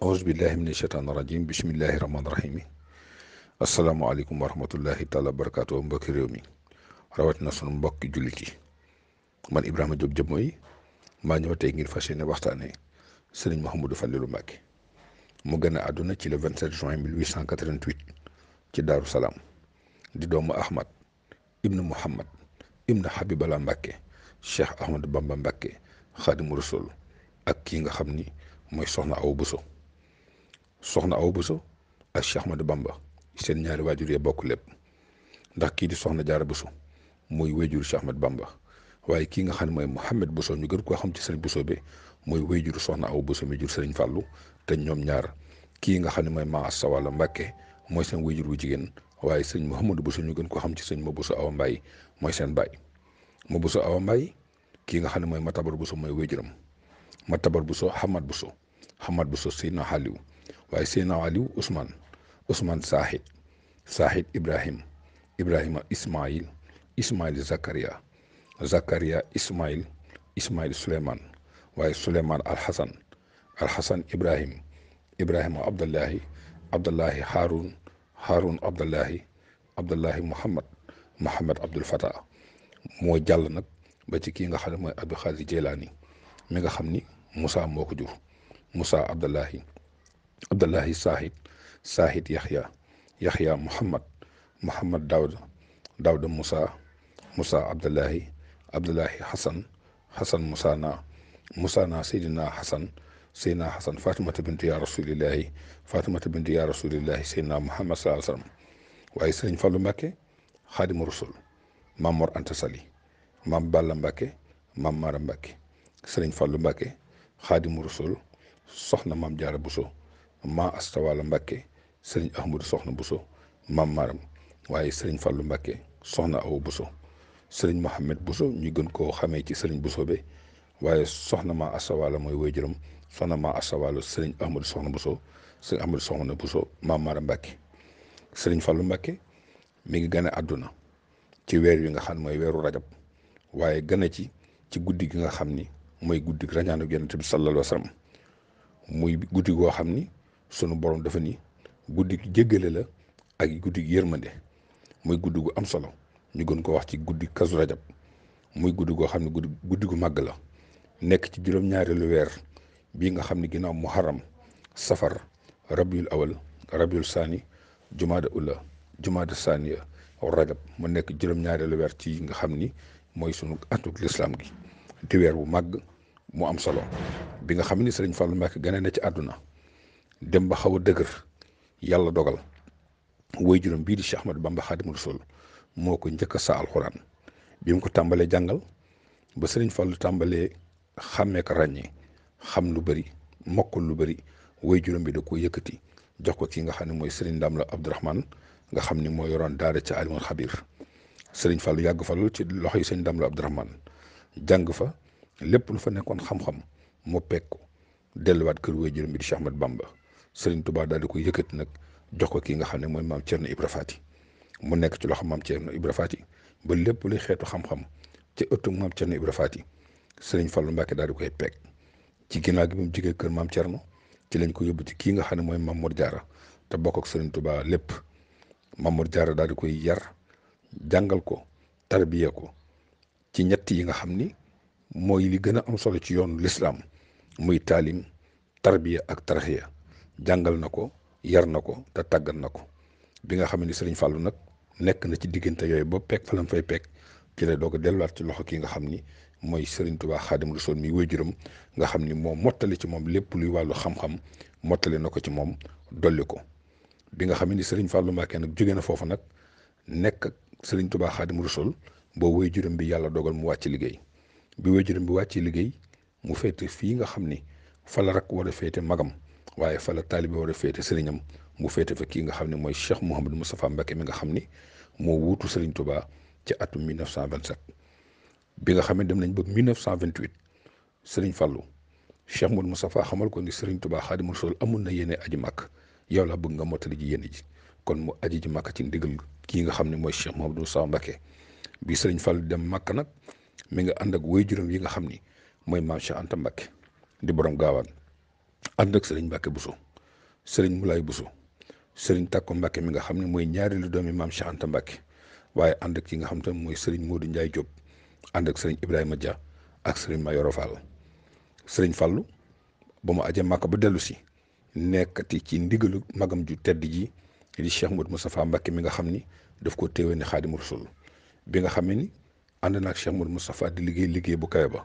aousubillahi min asheytaan rajim bisimillahi rahmaani rahim asalaamaaleykum wa rahmatullahi taala barakaatu mbokki réew mi rawat na sunu mbokki jullit yi man Ibrahima Diop Diop mooy maa ñëw tey ngir fas yéene waxtaanee sëriñ Mouhamadou Fallilou Mbacké mu gën a àdduna ci le 27 juin 1888 ci Daaru Salaam di doomu Ahmad ibnu Muhammad ibnu Habiballa Mbacké Cheikh Ahmadou Bamba Mbacké Xaadimu Rasul ak kii nga xam ni mooy soxna aw Bousso soxna Awa Bousso ak Cheikh Ahmadou Bamba seen ñaari waajur yee bokk lépp ndax kii di soxna Jaara Bousso mooy wéyjuru Cheikh Ahmadou Bamba waaye kii nga xam ne mooy Mouhamed Bousso ñu gën koo xam ci sëriñ Bousso bi mooy wéyjuru soxna Awa Bousso mi jur sëriñ Fàllu te ñoom ñaar kii nga xam ne mooy maa Asta Wala Mbàkke mooy seen wéyjur wu jigéen waaye sëñ Mouhamadou Bousso ñu gën koo xam ci sëñ Ma Bousso Awa Mbaye mooy seen baay Ma Bousso Awa Mbaye kii nga xam ne mooy Matabar Bousso mooy wéyjuram Matabar Bousso Hamad Bousso Hamad Bousso Seydina Xaliw waaye Seydina Aliou Ousmane Ousmane Sahid Sahid Ibrahim Ibrahima Ismaïl Ismaïl Zakaria Zakaria Ismaïl Ismaïl Souleymane waaye Souleymane Alxasan Alxasan Ibrahim Ibrahima Abdullahi Abdullahi Haroun Haroun Abdullahi Abdullahi Mouhamed Mouhamed Abdul Fatah moo jàll nag ba ci kii nga xam ne mooy Abdul Xaadir Jeylaani mi nga xam ni Moussa moo ko jur Moussa Abdullahi abdullahi sahid sahid yahya yahya muhammad muhammad daawda daawda moussa moussa abdullahi abdullahi hasan hasan moussa na moussa na seydina hasan seydina hasan fatimata bintu ya rasulillahi fatimata bintu ya rasulillahi seydina muhammad salaa sallam waaye sëriñ Fallu Mbàkke xaadimu rasul maam Mor Anta Sali maam Balla Mbàkke maam Mara Mbàkke sëriñ Fallu Mbàkke xaadimu rasul soxna maam Jaara maa astawala Mbacke sëriñ Ahmadou soxna buso maam Maram waaye sëriñ Fallou Mbacke soxna aw Bousso sëriñ Mohamed Bousso ñu gën koo xamee ci sëriñ Bousso be waaye soxna maa astawala mooy waajuram soxna maa astawala sëriñ Ahmadou soxna Bousso sëriñ Ahmadou soxna Bousso maam Maram Mbacke sëriñ Fallou Mbacke mi ngi gane àdduna ci weer wi nga xam mooy weeru rajab waaye gane ci ci guddi gi nga xam ni mooy guddi rañaanu yonent bi sallallahu alayhi muy guddi goo xam ni. sunu borom dafa ni guddi jéggale la ak guddi yërmande muy guddi gu am solo ñu gën ko wax ci guddi kasu rajab muy guddi goo xam ne guddi guddi gu màgg la nekk ci juróom-ñaareelu weer bii nga xam ne ginnaaw muharram safar rabiul awal rabiul saani jumaada ula jumaada saaniya rajab mu nekk juróom-ñaareelu weer ci nga xam ni mooy sunu atuk lislaam gi di weer bu màgg mu am solo bi nga xam ni Sëriñ Fallu Mbàkke gane na ci àdduna dem ba xaw a dëgër yàlla dogal woy juróom bii di Cheikh Ahmadou Bamba Xaadimu Rasuul moo ko njëkk a sa alxuraan bi mu ko tàmbalee jàngal ba sëriñ Fallu tàmbalee xàmmee ko ràññee xam lu bari mokkul lu bari way juróom bi da ko yëkkati jox ko kii nga xam ne mooy sëriñ Ndam la Abdourahman nga xam ni moo yoroon daara ca Alimul Xabir sëriñ Fallu yàgg fa lool ci loxo yi sëriñ Ndam la Abdourahman jàng fa lépp lu fa nekkoon xam-xam mu pekk ko delluwaat kër woy juróom bi Bamba Serigne tubaa daal di koy yëkkati nag jox ko kii nga xam ne mooy maam Thierno Ibra Fati mu nekk ci loxo maam Thierno Ibra Fati ba lépp luy xeetu xam-xam ci ëttu maam Thierno Ibra Fati Serigne Fallou Mbacke daal di koy peeg ci ginnaaw gi bi mu kër maam Thierno ci lañ ko yóbbu ci kii nga xam ne mooy maam Mor Diarra te bokk ak Serigne lépp maam Mor Diarra daal di koy yar jàngal ko tarbiya ko ci ñett yi nga xam ni mooy li gën a am solo ci yoonu lislaam muy taalim tarbiya ak tarxiya jàngal na ko yar na ko te tàggat na ko bi nga xam ne sëriñ fàllu nag nekk na ci diggante yooyu ba pekk fa fay pekk ci la doog a delluwaat ci loxo ki nga xam ni mooy sëriñ Tuubaa Xaadim Rasuul mi waajuram nga xam ni moo mottali ci moom lépp luy wàllu xam-xam na ko ci moom dolli ko bi nga xam ni sëriñ Fallou Mbacké nag jóge foofu nag nekk ak sëriñ Tuubaa Xaadim boo waajuram bi yàlla dogal mu wàcc liggéey bi waajuram bi wàcc liggéey mu féete fii nga xam ni fala la rek war a féete magam. waaye fa la taalibe war a féete sëriñam mu féete fekki kii nga xam ne mooy Cheikh Mouhamadou Moustapha Mbacké mi nga xam ni moo wuutu sëriñ Touba ci atum 1927 bi nga xam ne dem nañ ba 1928 sëriñ Fallou Cheikh Mouhamadou Moustapha xamal kon ni sëriñ Touba Xaadimu Rasuul amoon na yéene aji màkk yow laa bëgg nga mottali ji yéene ji kon mu aji ji màkk ci ndigal kii nga xam ne mooy Cheikh Mouhamadou Moustapha Mbacké bi sëriñ Fallou dem màkk nag mi nga ànd ak waajuram yi nga xam ni mooy maam Cheikh Anta di borom gaawaan ànd ak sëriñ Mbacke buso sëriñ Moulay buso sëriñ Takko Mbacke mi nga xam ne mooy ñaareelu doomi maam Cheikh Anta waaye ànd ak ki nga xam te mooy sëriñ Modou Ndiaye Diop ànd ak sëriñ Ibrahima Dia ak sëriñ Mayoro Fall sëriñ Fallu ba mu aje Màkka ba dellu nekkati ci ndigalu magam ju tedd ji di Cheikh Modou Moustapha Mbacke mi nga xam ni daf ko téewee ni Xaadimu Rasul bi nga xam ne ni ànd naag Cheikh Modou Moustapha di liggéey liggéey bu kawe ba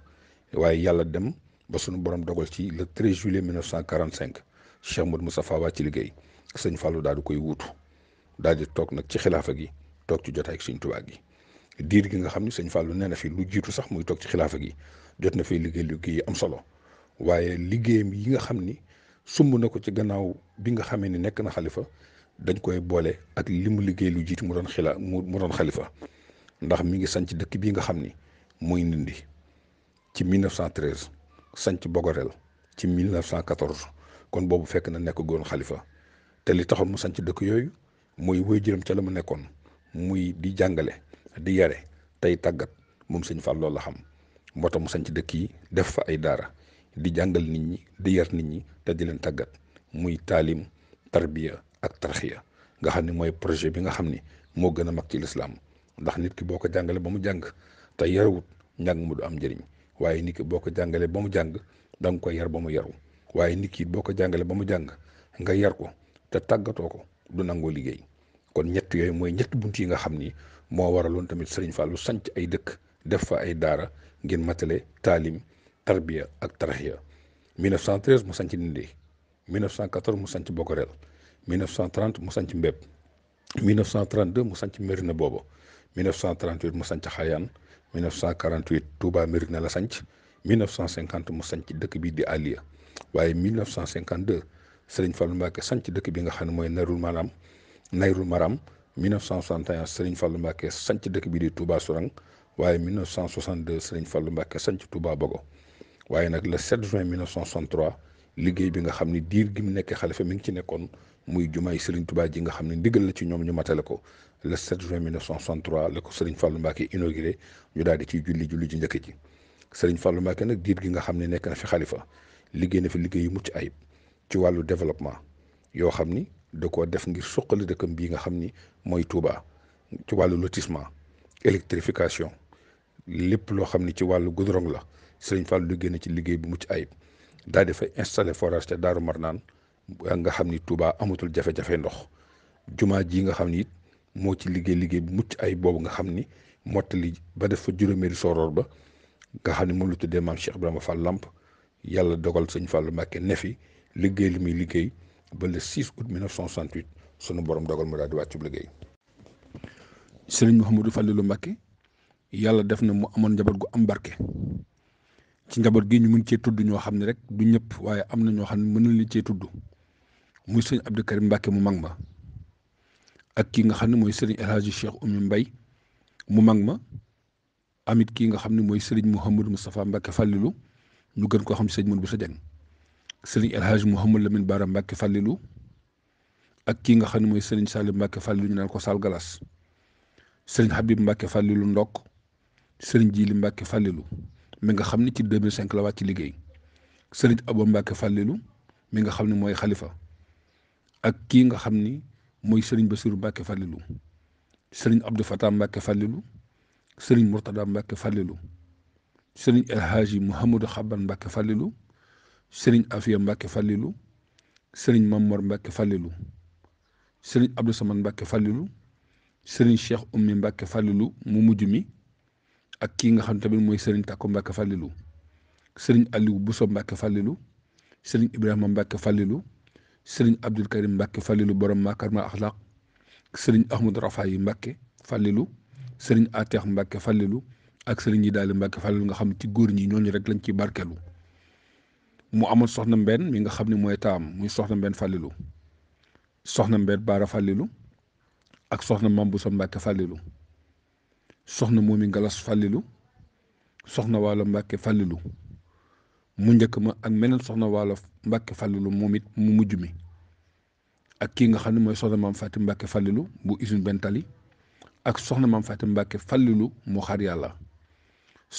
waaye yàlla dem ba suñu borom dogal ci le 13 juillet 1945 Cheikh Modou Moustapha wàcc ci liggéey sëñ Fallou daal di koy wuutu daal di toog nag ci xilaafa gi toog ci jotaay ak sëñ Tuubaa gi diir gi nga xam ni sëñ Fallou nee na fi lu jiitu sax muy toog ci xilaafa gi jot na fi liggéey liggéey am solo waaye liggéeyam yi nga xam ni sumb na ko ci gannaaw bi nga xamee ni nekk na xalifa dañ koy boole ak li mu liggéey lu jiitu mu doon xila mu doon xalifa ndax mi ngi sañ ci dëkk bii nga xam ni mooy Ndindi ci 1913. sanc Bogorel ci 1914 kon boobu fekk na nekk goon xalifa te li taxoon mu sanc dëkk yooyu mooy woy jërëm ca la mu nekkoon muy di jàngale di yare tey tàggat moom sëñ Fall la xam moo tax mu sanc dëkk yi def fa ay daara di jàngal nit ñi di yar nit ñi te di tàggat muy taalim tarbiya ak tarxiya nga xam ne mooy projet bi nga xam ni moo gën a mag ci lislaam ndax nit ki boo ko jàngale ba mu jàng te yarawut njàng mu du am njëriñ waaye nit ki boo ko jàngalee ba mu jàng da koy yar ba mu yaru waaye nit ki boo ko jàngalee ba mu jàng nga yar ko te tàggatoo ko du nangoo liggéey kon ñett yooyu mooy ñett bunt yi nga xam ni moo waraloon tamit sëriñ Fallou sanc ay dëkk def fa ay daara ngir matale taalim tarbiya ak taraxiya 1913 mu sanc Ndindi 1914 mu sanc Bokorel 1930 mu sanc Mbeb 1932 mu sanc Merina Boobo 1938 mu sanc Xayaan 1948 Touba Mérina la sanc 1950 mu sanc dëkk bi di Aliya waaye 1952 Serigne Fallou Mbacké sanc dëkk bi nga xam ne mooy Nayrul Maram Nayrul Maram 1961 Serigne Fallou Mbacké sanc dëkk bi di Touba Sourang waaye 1962 Serigne Fallou Mbacké sanc Touba Bogo waaye nag le 7 juin 1963 liggéey bi nga xam ni diir gi mu nekk xalifa mi ngi ci nekkoon muy jumaay Serigne Touba ji nga xam ne ndigal la ci ñoom ñu matale ko le 7 juin 1963 la ko Serigne Fallou Mbacké inauguré ñu daal di ciy julli julli ji njëkk ji Serigne Fallou Mbacké nag diir gi nga xam ne nekk na fi xalifa liggéey na fi liggéey yu mucc ayib ci wàllu développement yoo xam ni da koo def ngir suqali dëkkam bii nga xam ni mooy Touba ci wàllu lotissement électrification lépp loo xam ni ci wàllu goudron la Serigne Fallou liggéey na ci liggéey bu mucc ayib. daal di fay installé forage te Daaru Marnaan nga xam ni Touba amatul jafe-jafe ndox jumaa ji nga xam ni it moo ci liggéey liggéey bu mucc ay boobu nga xam ni mottali ba def fa juróomeeri sooroor ba nga xam ni moom lu tuddee maam Cheikh Ibrahima Fall làmp yàlla dogal sañ Fallou Mbacké ne fi liggéey lu muy liggéey ba le 6 août sunu borom dogal mu daal di wàccu liggéey. Serigne Mouhamadou Fallilou Mbacké yàlla def na mu amoon njaboot gu am barke. ci njaboot gi ñu mën cee tudd ñoo xam ne rek du ñëpp waaye am na ñoo xam ne mën nañu cee tudd muy sëñ Abdou Karim mu mag ma ak ki nga xam ne mooy sëriñ El Hadji Cheikh Oumy mu mag ma amit kii nga xam ne mooy sëriñ Mouhamadou Moustapha Mbacke Fallilu ñu gën koo xam sëñ Mourou Boussa Dieng sëriñ El Hadji Mouhamadou Lamine Bara Mbacke Fallilu ak kii nga xam ne mooy sëriñ Salim Mbacke Fallilu ñu naan ko Sal Galas sëriñ Habib Mbacke Fallilu ndokk sëriñ Jili mbakke Fallilu mi nga xam ni ci 2005 la wàcc ci liggéey sëriñ Abo Mbacke Fallilou mi nga xam ni mooy xalifa ak kii nga xam ni mooy sëriñ Bassirou Mbacke Fallilou sëriñ Abdou Fatah Mbacke Fallilou sëriñ Mourtada Mbacke Fallilou sëriñ El Hadji Mouhamadou Xaban Mbacke Fallilou sëriñ Afia Mbacke Fallilou sëriñ Mamor Mbacke Fallilou sëriñ Abdou Samane Mbacke Fallilou sëriñ Cheikh Oumy Mbacke Fallilou mu mujj mi. ak kii nga xam tamit mooy sëriñ Takko Mbacke Fallilou sëriñ Aliou Bousso Mbacke Fallilou sëriñ Ibrahima Mbacke Fallilou sëriñ Abdul Karim Mbacke Fallilou borom Makarma Akhlaq sëriñ Ahmad Rafaay Mbacke Fallilou sëriñ Ateex Mbacke Fallilou ak sëriñ yi daal Mbacke Fallilou nga xam ci góor ñi ñooñu rek lañu ci barkelu mu amoon soxna mbenn mi nga xam ne mooy taam muy soxna mbenn Fallilou soxna mbenn Baara Fallilou ak soxna Mame Bousso Mbacke soxna moomi ngalas fàllilu soxna waalo mbàkke fàllilu mu njëkk ma ak meneen soxna waalo mbàkke fàllilu moom it mu mujj mi ak kii nga xam ne mooy soxna maam fàtti mbàkke fàllilu bu usine ak soxna maam fàtti mbàkke fàllilu mu xaar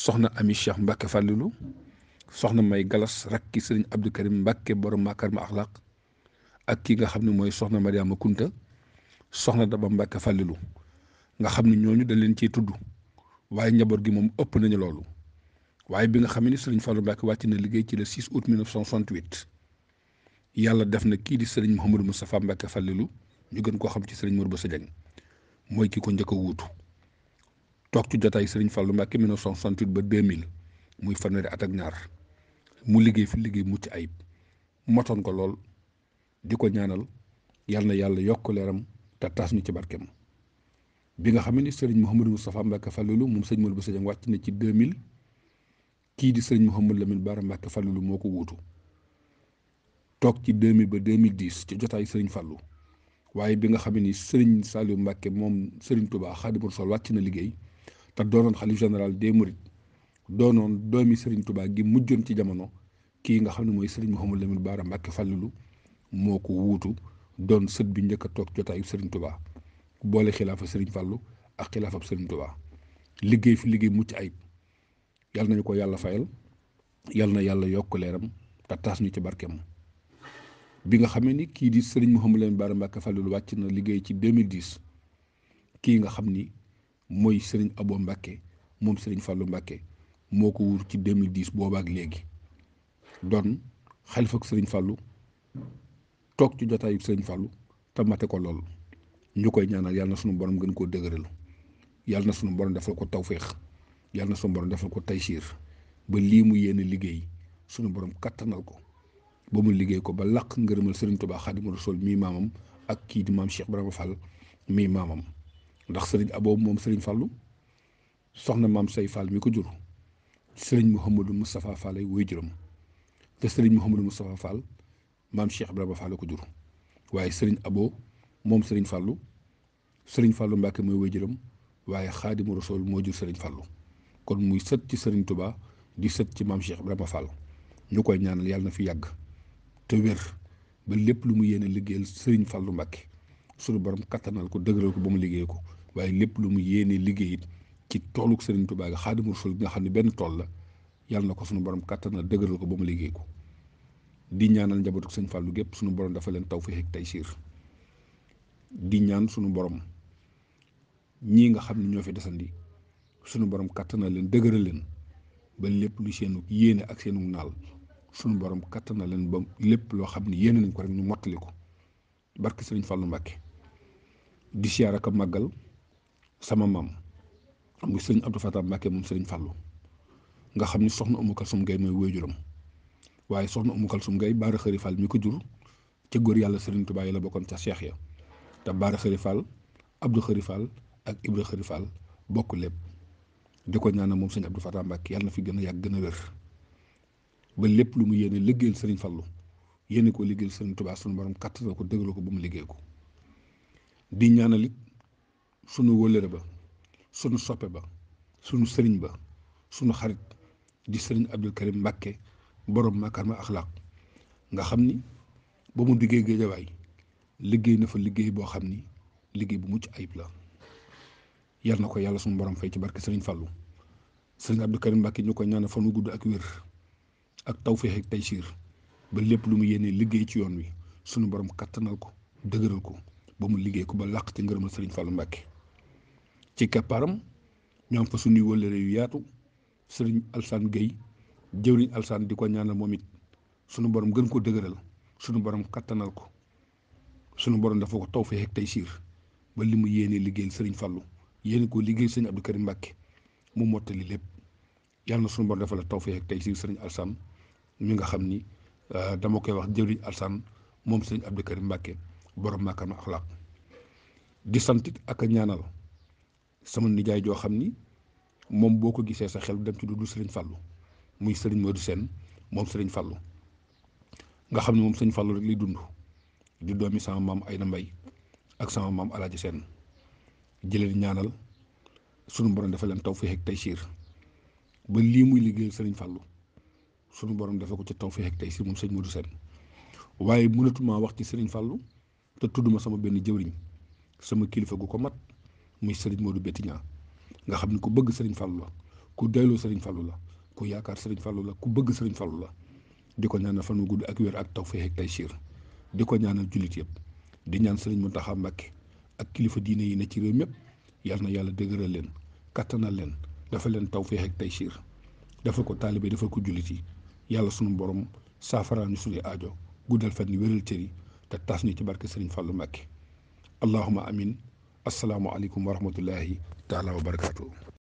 soxna ami cheikh mbàkke fàllilu soxna may galas rakki sëriñ abdou karim mbàkke borom maakar ak kii nga xam ne mooy soxna mariama kunta soxna daba mbàkke fàllilu nga xam ni ñooñu dañ leen ciy tudd waaye njaboot gi moom ëpp nañu loolu waaye bi nga xam ni sëriñ Fallou Mbacké wàcc na liggéey ci le 6 août 1968 yàlla def na kii di sëriñ sa Moustapha Mbacké Fallilu ñu gën koo xam ci sëriñ ba sa Dieng mooy ki ko njëkk a wuutu toog ci jotaay sëriñ Fallou Mbacké 1968 ba 2000 muy fanweeri at ak ñaar mu liggéey fi liggéey mucc ayib motoon ko lool di ko ñaanal yal na yàlla yokk leeram te taas ñu ci barkeem. bi nga xam ne sëriñ Mouhamadou Moustapha Mbacke Falloulu moom sëñ Modou Bousso Dieng wàcc na ci 2000 kii di sëriñ Mouhamadou Lamine Bara Mbacke Falloulu moo ko wuutu toog ci 2000 ba 2010 ci jotaayu sëriñ Fallou waaye bi nga xam ni sëriñ Saliou Mbacke moom sëriñ Touba Khadimou Rassoul wàcc na liggéey te doonoon xalif général des Mourides doonoon doomi sëriñ Touba gi mujjoon ci jamono kii nga xam ne mooy sëriñ Mouhamadou Lamine Bara Mbacke Falloulu moo ko wuutu doon sët bi njëkk a toog jotaayu sëriñ Touba. boole xilaafa sëriñ fallu ak xilaafab sëriñ tubaa liggéey fi liggéey mucc ayib yàlla nañu ko yàlla fayal yàlla na yàlla yokk leeram te taas ñu ci barkeem bi nga xamee ni kii di sëriñ Mouhamadou Lamine Bara Mbacké Fallilou wàcc na liggéey ci 2010 kii nga xam ni mooy sëriñ Abo Mbacké moom sëriñ fallu Mbacké moo ko wuur ci 2010 ak léegi doon xalifak sëriñ Fallou toog ci jotaayu sëriñ Fallou te ko lool ñu koy ñaanal yàlla na sunu borom gën koo dëgëral yàlla na sunu borom defal ko tawféex yàlla na sunu borom defal ko taysiir ba lii mu yéene liggéey sunu borom kattanal ko ba mu liggéey ko ba làq ngërëmal Serigne Touba Xaadimu Rasuul mii maamam ak kii di maam Cheikh Ibrahima Fall mii maamam ndax Serigne Abo moom Serigne Fallou soxna maam Say Fall mi ko jur Serigne Mouhamadou Moustapha Fall ay waajuram te Serigne Mouhamadou Moustapha Fall maam Cheikh Ibrahima ko jur waaye Serigne Abo. moom Serigne Fallou Serigne fàllu Mbacke mooy waajuram waaye xaadimu rasool moo jur sëriñ Fallou kon muy sët ci Serigne Touba di sët ci maam Cheikh Ibrahima Fall ñu koy ñaanal yàlla na fi yàgg te wér ba lépp lu mu yéene liggéeyal Serigne Fallou Mbacke suñu borom kattanal ko dëgëral ko ba mu liggéey ko waaye lépp lu mu yéene liggéey ci tooluk Serigne tubaa ga xaadimu rasool bi nga xam ne benn tool la yàlla na ko suñu borom kattanal dëgëral ko ba mu liggéey ko di ñaanal njabootu sëñ Fallou gépp suñu borom dafa leen tawfeex ak taysiir di ñaan sunu borom ñii nga xam ne ñoo fi desandi sunu borom kattanal leen dëgëral leen ba lépp lu seenu yéene ak seenu naal sunu borom kattanal leen ba lépp loo xam ne yéene nañ ko rek ñu mottali ko barke Sëriñ Fàllu Mbàkke di siyaar ak màggal sama maam muy sëriñ Abdou Fatah Mbàkke moom sëriñ Fàllu nga xam ni soxna Umu Kalsum Gay mooy waajuram waaye soxna Umu Kalsum Gay baara xëri Fall mi ko jur ci góor yàlla sëriñ tubaay la bokkoon ca Cheikh ya te Baara Xëri Fall Abdou Xëri Fall ak Ibra Xëri bokk lépp di ko ñaanal moom sëñ Abdou Fatah Mbacke yàlla na fi gën a yàgg gën a wér ba lépp lu mu yéene liggéeyal sëriñ Fallu yéene ko liggéeyal sëriñ Tuubaa suñu borom kàttanal ko dëggal ko ba mu liggéey ko di ñaanal it sunu wëllëre ba sunu soppe ba sunu sëriñ ba sunu xarit di sëriñ Abdou Karim Mbacke borom Makarima Akhlaq nga xam ni ba mu diggee Géejawaay liggéey na fa liggéey boo xam ni liggéey bu mucc ayib la yar na ko yàlla suñu borom fay ci barke Serigne Fallou Serigne Abdou Karim Mbacke ñu koy ñaanal fan wu gudd ak wér ak tawféex ak taysiir ba lépp lu mu yennee liggéey ci yoon wi suñu borom kattanal ko dëgëral ko ba mu liggéey ko ba làq ci ngërëmal Serigne Fallou Mbacke ci keppaaram ñu am fa suñuy wëllëre yu yaatu Serigne Alsane Gueye jëwriñ Alsane di ko ñaanal moom it sunu borom gën ko dëgëral sunu borom kattanal ko. sunu borom dafa ko taw ak tey siir ba li mu yéene liggéeyal sëriñ fallu yéene ko liggéey sëriñ Abdou Karim Mbacke mu mottali lépp yàlla na sunu borom dafa la taw ak tey siir sëriñ Alsaan mi nga xam ni euh, dama koy wax jëriñ Alsaan moom sëriñ Abdou Karim Mbacke borom maakaam ak axlaaq di santit ak a ñaanal sama nijaay joo xam ni moom boo ko gisee sa xel dem ci du du sëriñ Fallou muy sëriñ Modou Sène moom sëriñ Fallou nga xam ne moom sëriñ Fallou rek lay dund. di doomi sama maam Ayda Mbay ak sama maam Alaaji Seen jëleen ñaanal sunu borom dafa leen tawfeex ak taysiir ba lii muy liggéey sëriñ Fàllu sunu borom dafa ko ci tawfeex ak taysiir moom sëñ Modou Seen waaye mënatuma wax ci sëriñ Fàllu te ma sama benn jëwriñ sama kilifa gu ko mat muy sëriñ Modou Bettiña nga xam ne ku bëgg sëriñ Fàllu la ku doyloo sëriñ Fàllu la ku yaakaar sëriñ Fàllu la ku bëgg sëriñ Fàllu la di ko ñaanal fan mu gudd ak wér ak tawfeex ak taysiir di ko ñaanal jullit yëpp di ñaan sëriñ Mountakha Mbacké ak kilifa diine yi ne ci réew mépp yal na yàlla dëgëral leen kattanal leen dafa leen tawfeex ak taysiir dafa ko taalibe dafa ko jullit yi yàlla sunu borom saafara ñu suñu aajo guddal fan yi wéral cër yi te tas ñu ci barke sëriñ Fallou Mbacké allahuma amin asalaamualeykum wa rahmatullahi taala wa barakaatu.